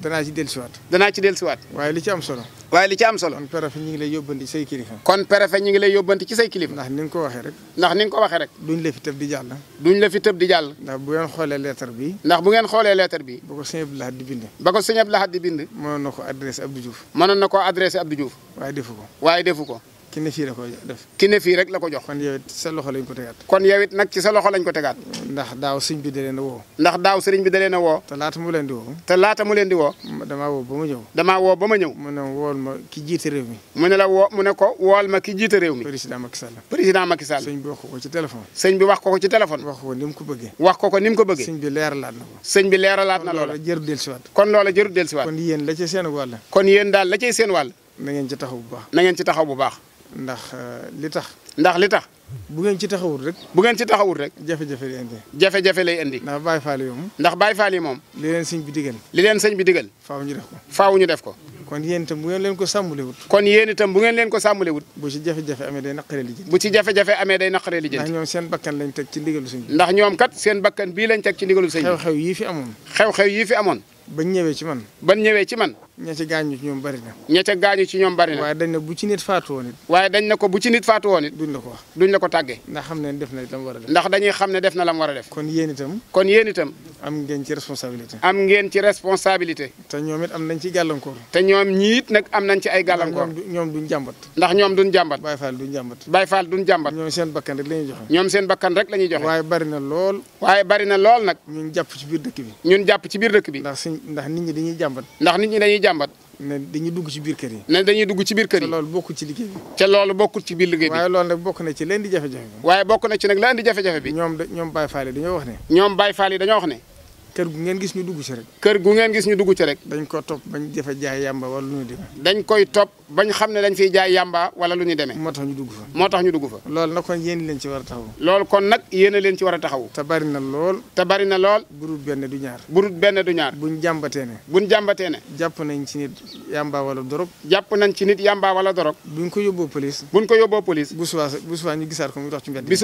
danaa ci dellusiwaat. danaa ci dellusiwaat. waaye li ci am solo. waaye li ci am solo. kon préfet ñu ngi lay yóbbanti ci say kilifa. kon préfet ñu ngi lay yóbbanti ci ndax ni ko waxee rek. ndax ni nga ko waxee rek. duñ la fi tëb di jàll. duñ la fi tëb di jàll. ndax bu ngeen xoolee lettre bi. ndax bu ngeen xoolee lettre bi. ba ko sëñ Abdou Lahad di bind. ba ko sëñ Abdou Lahad di bind. mënoon na ko adressé Abdou Diouf. mënoon na koo adressé Abdou Diouf. waaye defu ko. waaye defu ko. ki ne la ko def. ne fii rek la ko jox. kon yow it sa loxo lañ ko tegaat. kon yow it nag sa loxo lañ ko tegaat. ndax daaw sëriñ bi da leen a woo. ndax daaw sëriñ bi da leen a woo. te laata mu leen di woo. te laata mu leen di woo. damaa woo ba ma ñëw. damaa woo ba ma ñëw. mu ne mi. mu ne la woo mu ne ko wool ma ki jiite réew mi. président Macky Sall. président Macky Sall. sëñ bi wax ko ko ci téléphone. sëñ bi wax ko ko ci téléphone. wax ko ni mu ko bëggee. wax ko ko ni mu ko bëggee. sëñ bi leeralaat na ko. sëñ bi leeralaat na loola. kon loola jëru kon loola jëru la cay wàll na ngeen taxaw bu na ngeen ci taxaw bu baax ndax euh, li tax. ndax li tax. bu ngeen ci taxawul rek. bu ngeen ci taxawul rek. jafe-jafe lay indi. jafe-jafe lay indi. ndax Baye Fall moom. ndax Baye Fall yi moom. li leen sëñ bi digal. li leen sëñ bi digal. faaw ñu def ko. faaw ñu def ko. kon yéen tam bu ngeen leen ko sàmmulewut. kon yéen itam bu ngeen ko sàmmulewut. bu ci jafe-jafe amee day naqaree lijjanti. bu ci jafe-jafe amee day naqaree lijjanti. ndax ñoom seen bakkan lañ teg ci ndigalu sëñ ndax ñoom kat seen bakkan bii lañ teg ci ndigalu sëñ bi. xew-xew yii fi amoon. xew-xew yii fi amoon bañ ñëwee ci man bañ ñëwee ci man ña ca gaañu ci ñoom bari na ña ca gaañu ci ñoom bari na waaye dañ ne bu ci nit faatu woon it waaye dañ ne ko bu ci nit faatu woon duñ la ko wax duñ la ko tàggee ndax xam ne def na lam war a def ndax dañuy xam ne def na lam war a def kon yéen kon yéen itam am ngeen ci responsabilité am ngeen ci responsabilité te ñoom it am nañ ci gàllankoor te ñoom ñiit nag am nañ ci ay gàllankoor ñoom duñ jàmbat ndax ñoom duñ jàmbat Baye Fall duñ jàmbat Baye Fall duñ jàmbat ñoom seen bakkan rek la ñuy joxe ñoom seen bakkan rek la ñuy joxe waaye bari lool waaye bari na lool nag ñun jàpp ci biir dëkk bi ñun jàpp ci biir dëkk bi ndax nit ñi dañuy jàmbat. ndax nit ñi dañuy jàmbat. ne dañuy dugg ci biir kër yi. ne dañuy dugg ci biir kër yi. te loolu bokkul ci liggéey bi. te loolu bokkul ci biir liggéey bi. waaye loolu nag bokk na ci leen di jafe-jafe bi. waaye bokk na ci nag leen di jafe-jafe bi. ñoom da ñoom Baye wax ne. ñoom Baye Fall yi dañoo wax ne. kër gu ngeen gis ñu dugg ci rek. kër gu ngeen dañ ko topp bañ defa jaay yàmba wala lu ñu demee. koy topp bañ xam ne dañ fiy jaay yàmba wala lu ñu demee. moo tax ñu dugg fa moo tax ñu dugg fa. loolu nag kon yéen leen ci war a taxaw. loolu kon nag yéen leen a taxaw. te na lool. na lool. burut benn du du ñaar. buñ jàmbatee ne. bu subaa bu subaa ñu gisaat ko muy dox ci mbedd bi. bi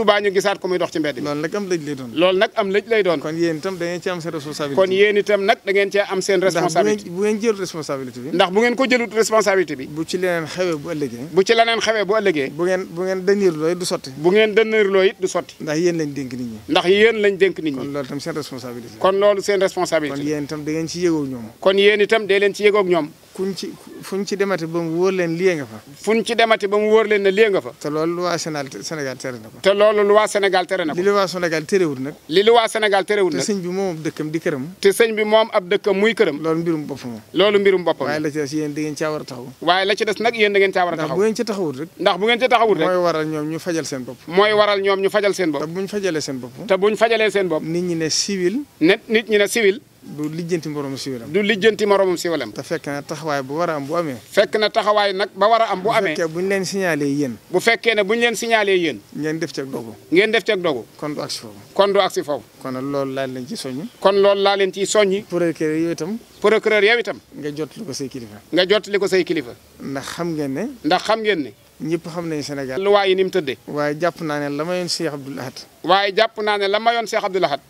ci nag am lëj lay doon. loolu nag am lëj lay doon. kon yéen itam ci am seen responsabilité kon yéen itam nag da ngeen am seen responsabilité bu ndax bu ngeen ko jëlut responsabilité bi bu ci leneen xewee bu ëllëgee bu ci leneen xewee bu ëllëgee bu ngeen bu ngeen du sotti bu ngeen dënniirloo it du sotti ndax yéen lañ dénk nit ñi ndax yéen lañ dénk nit ñi kon loolu seen responsabilité kon loolu seen responsabilité kon ci yëgoog ñoom kuñ ci fuñ ci demati ba mu wóor leen liyee nga fa. fuñ ci demati ba mu wóor leen ne liyee nga fa. te loolu lu waa Sénégal tere na ko. te loolu lu waa Sénégal tere na ko. li lu waa Sénégal terewul nag. li lu waa Sénégal terewul nag. te sëñ bi moom ab dëkkam di këram. te sëñ bi moom ab dëkkam muy këram. loolu mbirum boppam. loolu mbirum boppam. waaye la ci des yéen da ngeen caa war a taxaw. waaye la ci des nag yéen da ngeen caa war a taxaw. ndax bu ngeen ci taxawul rek. ndax bu ngeen ci taxawul rek. mooy waral ñoom ñu fajal seen bopp. mooy waral ñoom ñu fajal seen bopp. te buñ fajalee seen bopp. te buñ fajalee seen bopp. nit ñi ne civil. ne nit ñi ne civil. du lijjanti moromam siiwalam. du lijjanti moromam siiwalam. te fekk na taxawaay bu war a am bu amee. fekk na taxawaay nag ba war a am bu amee. bu ñu leen signalé yéen. bu fekkee ne bu ñu leen signalé yéen. ngeen def ceeg dogu. ngeen def ceeg dogu. kon du agsi foofu. kon du agsi foofu. kon loolu laa leen ci soññi. kon loolu laa leen ciy soññi. procureur yow itam. procureur yow itam. nga jottali ko say kilifa. nga jottali ko say kilifa. ndax xam ngeen ne. ndax xam ngeen ne. ñëpp xam nañu Sénégal. luwaa ni mu tëddee. waaye jàpp naa ne la mayoon Cheikh Abdoul Ahad. waaye jàpp naa ne la mayoon Cheikh Abdoul Ahad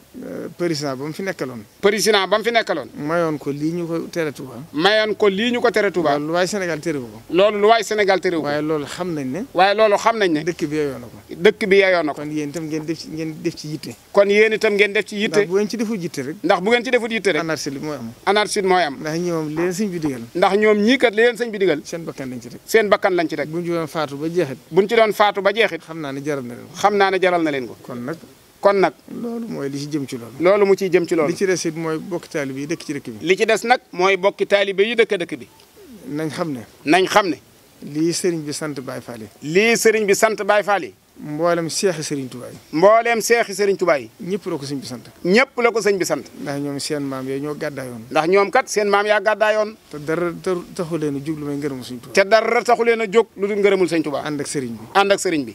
président ba mu fi nekkaloon. président ba mu fi nekkaloon. mayoon ko lii ñu ko tere Touba. mayoon ko lii ñu ko tere Touba. loolu lu waay Sénégal terewu ko. loolu lu waay Sénégal terewu ko. waaye loolu xam nañ ne. waaye loolu xam nañ ne. dëkk bi yaayoon na ko. dëkk bi yaayoon na ko. kon yéen itam ngeen def ci ngeen def ci yitte. kon yéen itam ngeen def ci yitte. ndax bu ngeen ci deful yitte rek. ndax bu ngeen ci deful yitte rek. anarchie mooy am. anarchie mooy am. ndax ñoom li leen sëñ bi digal. ndax ñoom ñii kat li leen sëñ bi digal. seen bakkan lañ ci rek. seen bakkan lañ ci rek. buñ ci doon faatu ba jeexit. buñ ci doon faatu ba jeexit. xam naa ne jaral na leen ko. xam naa ne jaral na leen ko. kon nag kon nag loolu mooy li ci jëm ci loolu loolu mu ci jëm ci lool li ci des mooy bokki taalibe yi dëkk ci dëkk bi li ci des nag mooy bokki taalibe yi dëkk dëkk bi nañ xam ne nañ xam ne lii sëriñ bi sant baay Fall yi sëriñ bi sant baay Fall mboolem seexi sëriñ Touba yi mboolem seexi sëriñ Touba ñëpp la ko sëñ bi sant ñëpp la ko sëñ bi sant ndax ñoom seen maam yaa ñoo gàddaayoon ndax ñoom kat seen maam yaa gàddaayoon te dara taxu leen a jóg lu may ngërëmul sëñ Touba te dara leen a jóg lu dul ngërëmul sëñ Touba ànd ak sëriñ sëriñ bi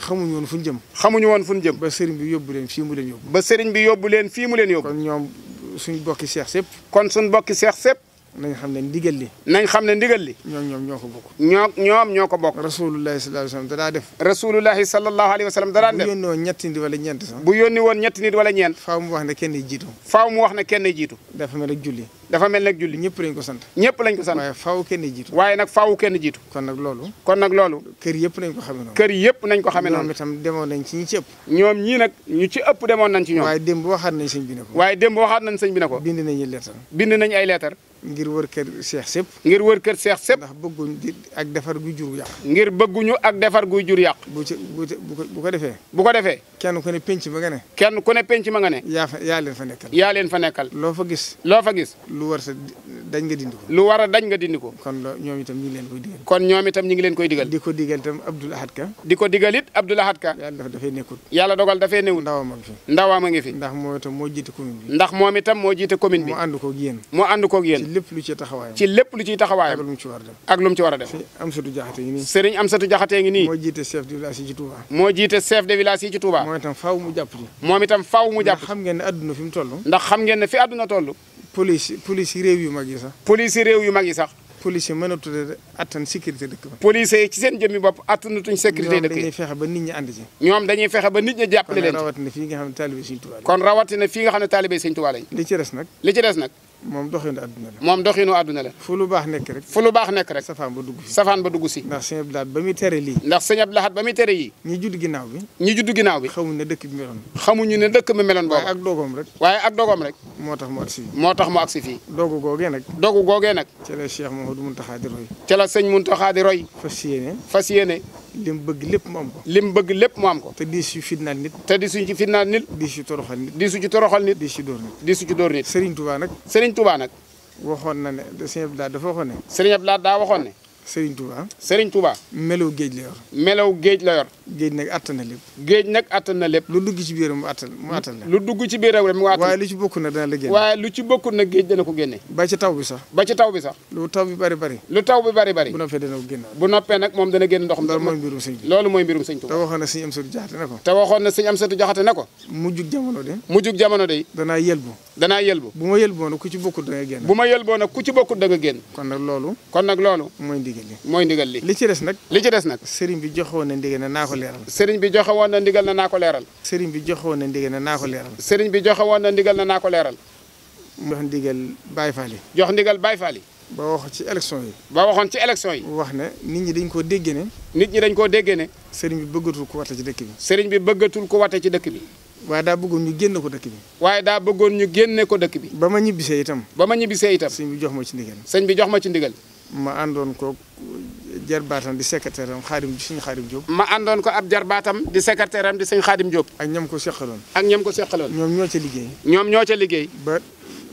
xamuñu woon fu ñu jëm. xamuñu woon fu ñu jëm. ba sëriñ bi yóbbu leen fii mu leen yóbbu. ba sëriñ bi yóbbu leen fii mu leen yóbbu. kon ñoom suñu bokki seex sépp. kon suñu bokki seex sépp. nañ xam ne ndigal li nañ xam ne ndigal li ñoom ñoom ñoo ko bokk ñoo ñoom ñoo ko bokk rasulullahi sallallahu alayhi wa danaa def rasulullahi sallallahu alayhi wa sallam danaa def bu yónni woon ñetti nit wala ñeent sax bu yónni nit wala ñeent faaw mu wax ne kenn jiitu faaw mu wax ne kenn jiitu dafa mel nag julli dafa mel nag julli ñëpp lañ ko sant ñëpp lañ ko sant waaye faaw kenn jiitu waaye nag faaw kenn jiitu kon nag loolu kon nag loolu kër yëpp nañ ko xame noonu kër yëpp nañ ko xame noonu ñoom itam demoon nañ ci ñi nag ñu ci ëpp demoon nañ ci ñoom waaye démb waxaat nañ sëñ waaye démb waxaat nañ sëñ bi ne ko bind nañ ay leetar bind nañ ay leetar ngir wër kër seex sëpp. ngir wër kër seex sëpp. ndax bëgguñ ak defar gu jur yàq. ngir bëgguñu ak defar guy jur yàq. bu ci bu bu ko defee. bu ko defee. kenn ku ne penc ma nga ne. kenn ku ne penc ma nga ne. yaa fa yaa leen fa nekkal. yaa leen fa nekkal. loo fa gis. loo fa gis. lu war sa dañ nga dindi ko. lu war a dañ nga dindi ko. kon loo ñoom itam ñu leen koy digal. kon ñoom itam ñu ngi leen koy digal. di ko digal itam Abdoul Ahad di ko digal it Abdoul Ahad Ka. yàlla dafa dafay nekkut. yàlla dogal dafay newut. ndawa ngi fi. ndawaama ngi fi. ndax moom itam moo jiite ndax moom itam moo jiite commune mu ànd koog yéen. mu ànd koog yéen lépp lu ciy taxawaayam ci lépp lu ciy taxawaayam ak lu mu ci war a def ak lu mu ci war a fi yu mag yi sax police yi réew yu mag yi sax police yi mënatul attan sécurité dëkk ba police yi ci seen jëmmi bopp attanutuñ sécurité nga xam ne taalibe Sëriñ Touba li ci des nag li ci des nag moom doxinu àdduna la. moom doxinu àdduna la. fu lu baax nekk rek. fu lu baax nekk rek. safaan ba dugg si. safaan ba dugg si. ndax sëñ Abdou Lahad ba muy tere lii. ndax sëñ Abdou Lahad ba muy tere yii. ñi judd ginnaaw bi. ñi judd ginnaaw bi. xamuñu ne dëkk bi meloon. ne dëkk bi meloon boobu. waaye ak dogoom rek. waaye ak dogoom rek. moo tax mu agsi fii. moo tax mu agsi fii. dogu googee nag. dogu googee nag. ca la Cheikh Mouhamadou Mountakha di roy. ca la sëñ Mountakha di roy. fas yéene. fas yéene. lim bëgg lépp mu am ko. lim bëgg lépp mu am ko. te di su fitnaal nit. te di suñ ci fitnaal nit. di su toroxal nit. di su ci toroxal nit. di su dóor nit. di su ci dóor nit. Serigne Touba nag. Serigne Touba na ne Serigne Abdoulaye dafa waxoon ne. Serigne Abdoulaye daa waxoon ne. Serigne Touba. Serigne Touba. melaw géej la yor. melaw géej la yor. géej nag attan na lépp. géej nag attan na lépp. lu dugg ci biiram mu attan mu attan la. lu dugg ci biiram rek mu attan. waaye lu ci bokkul nag dana la génne. waaye lu ci bokkul nag géej dana ko génne. ba ci taw bi sax. ba ci taw bi sax. lu taw bi bari bari. lu taw bi bari bari. bu noppee dana ko génne. bu noppee nag moom dana génn ndoxam. loolu mooy mbirum sëñ bi loolu mooy mbirum sëñ Touba. te waxoon na sëñ Amsatu Jaxate na ko. te waxoon na sëñ Amsatu Jaxate na ko. mujjug jamono de. mujjug jamono de. danaa yelbu. danaa yelbu. bu ma yelboo nag ku ci bokkul da nga génn. bu ma yelboo nag ku ci bokkul da nga génn. kon nag loolu. kon nag loolu. mooy ndigal li mooy ndigal li li ci des nag li ci des nag sëriñ bi joxoon na ndigal na naa ko leeral sëriñ bi joxe woon na ndigal na naa ko leeral sëriñ bi joxoon na ndigal na naa ko leeral sëriñ bi joxe woon na ndigal na naa ko leeral jox ndigal Baye Fall yi jox ndigal Baye Fall yi ba wax ci élection yi ba waxoon ci election yi wax ne nit ñi dañ koo déggee ne nit ñi dañ koo déggee ne sëriñ bi bëggatul ko watte ci dëkk bi sëriñ bi bëggatul ko watte ci dëkk bi waaye daa bëggoon ñu génne ko dëkk bi waaye daa bëggoon ñu génne ko dëkk bi ba ma ñibbisee itam ba ma ñibbisee itam sëñ bi jox ma ci ndigal sëñ bi jox ma ci ndigal ma àndoon ko jarbaatam di secrétaire am xaadim suñu xaadim Diop. ma àndoon ko ab jarbaatam di secrétaire am di suñu xaadim Diop. ak ñam ko seqaloon. ak ñam ko seqaloon. ñoom ñoo ca liggéey. ñoom ñoo ca liggéey. ba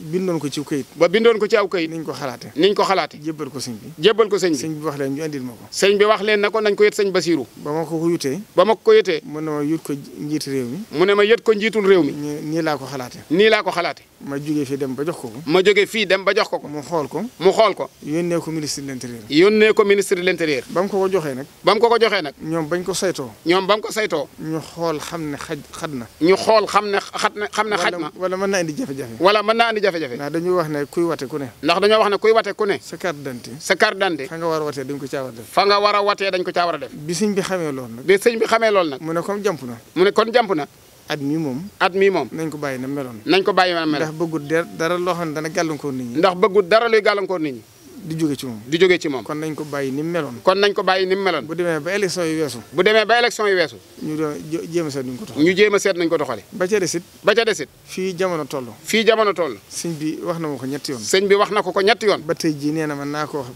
bindoon ko ci kayit ba bindoon ko ci aw kayit niñ ko xalaate niñ ko xalaate jébbal ko sëñ bi jébbal ko sëñ bi sëñ bi wax leen ñu indil ma ko sëñ bi wax leen na ko nañ ko yët sëñ Basiiru ba ma ko ko yutee ba ma ko ko yutee mu ne ma yët ko njiitu réew mi mu ne ma yët ko njiitul réew mi nii laa ko xalaate nii laa ko xalaate ma jógee fii dem ba jox ko ko ma jógee fii dem ba jox ko ko mu xool ko mu xool ko yónnee ko ministre de l'intérieur yónnee ko ministre de l'intérieur ba mu ko ko joxee nag ba mu ko ko joxee nag ñoom bañ ko saytoo ñoom ba mu ko saytoo ñu xool xam ne xaj xat na ñu xool xam ne xat na xam ne xaj na wala mën naa indi jafe-jafe wala mën naa indi jafe-jafe ndax ne kuy wate ku ne ndax dañoo wax ne kuy wate ku ne sa carte d'identité sa carte d'identité fa nga war a watee dañ ko caa a def fa nga war a watee dañ ko caa a def bi sëñ bi xamee loolu nag bi sëñ bi xamee loolu nag mu ne kon jàmp na mu ne kon jàmp na at moom at mii moom nañ ko bàyyi na meloon nañ ko bàyyi na meloon ndax bëggut dara loo xam ne dana gàllankoor nit ñi ndax bëggut dara luy gàllankoor nit ñi di jóge ci moom di jóge ci moom kon nañ ko bàyyi ni mu meloon kon nañ ko bàyyi ni mu meloon bu demee ba élection yi weesu bu demee ba élection yi weesu ñu doon seet nañ ko doxale ñu jéem seet nañ ko doxale ba ca desit ba ca desit fii jamono toll fii jamono toll sëñ bi wax na ma ko ñetti yoon sëñ bi wax na ko ko ñetti yoon ba tey jii nee na man naa ko wax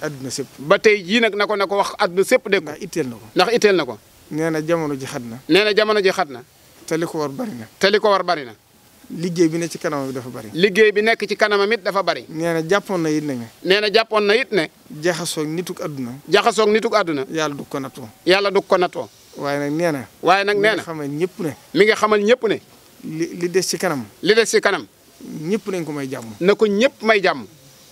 adduna sépp ba tey jii nag na ko na ko wax adduna sépp dégg ndax itteel na ko ndax itteel na ko nee na jamono ji xat na nee na jamono ji xat na te ko war bari te li ko war bari na liggéey bi nekk ci kanamam it dafa bari. liggéey bi nekk ci kanamam it dafa bari. nee na jàppoon na yit ne. nee na jàppoon na it ne. jaxasoog nituk àdduna. jaxasoog nituk àdduna. yàlla du ko natoo. yàlla du ko natoo. waaye nag nee na. waaye nag nee na mi nga ñëpp ne. mi nga xamal ñëpp ne. li li des ci kanam. li des ci kanam. ñëpp nañ ko may jàmm. na ko ñëpp may jàmm.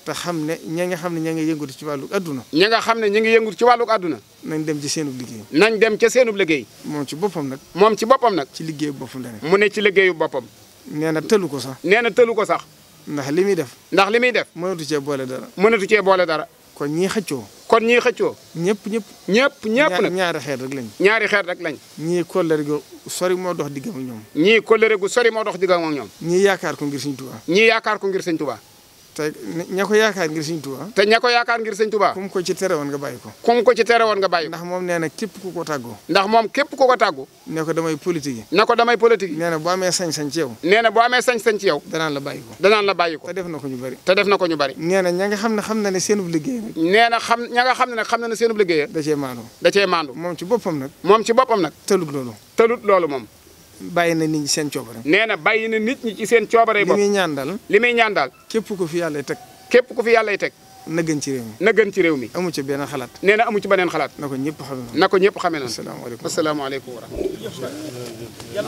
te xam ne ña nga xam ne ña ngi yëngatu ci wàllu adduna. ña nga xam ne ña ngi yëngatu ci wàllu adduna. nañ dem ci seenub liggéey. nañ dem ca seenub liggéey. moom ci boppam nag. moom ci boppam nag. ci liggéeyu boppam la ne. mu ne ci liggéeyu boppam. nee na tëlu ko sax. nee na tëlu ko sax. ndax li muy def. ndax li muy def. mënatu cee boole dara. mënatu cee boole dara. kon ñii xëccoo. kon ñii xëccoo. ñëpp ñëpp. ñëpp ñëpp nag ñaari xeet rek lañ. ñaari xeet rek lañ. ñii kóllëre gu sori moo dox diggam ak ñoom. ñii kóllëre gu sori moo dox diggam ak ñoom. ñii yaakaar ko ngir Sëñ Tuubaa. ñii yaakaar ngir Sëñ te ña yaakaar ngir sëñ Tuubaa te ña ko yaakaar ngir sëñ Tuubaa kum ko ci tere woon nga bàyyi ko kum ko ci tere woon nga bàyyi ko ndax moom nee képp ku ko tàggu ndax moom képp ku ko tàggu ne ko damay politique yi damay politique yi nee na bu amee sañ-sañ ci yow nee na amee sañ-sañ ci yow danaan la bàyyi ko danaan la bàyyi ko te def na ko ñu bari te def na ko ñu bari nee na xam ne xam na ne seenub liggéey nag nee na xam ña xam ne nag xam na ne seenub liggéey da cee maandu da cee maandu moom ci boppam nag moom ci boppam nag moom bàyyi na nit ñi seen coobare. nee na bàyyi na nit seen coobare bopp. li muy ñaan daal li muy ñaan daal. képp ko fi yàlla teg. képp ku fi yàlla teg. na gën ci réew mi na gën ci réew mi. amu ci benn xalaat. nee na amu ci beneen xalaat. na ko ñëpp xame na ko ñëpp xame noonu. asalaamaaleykum asalaamaaleykum wa rahmatulah.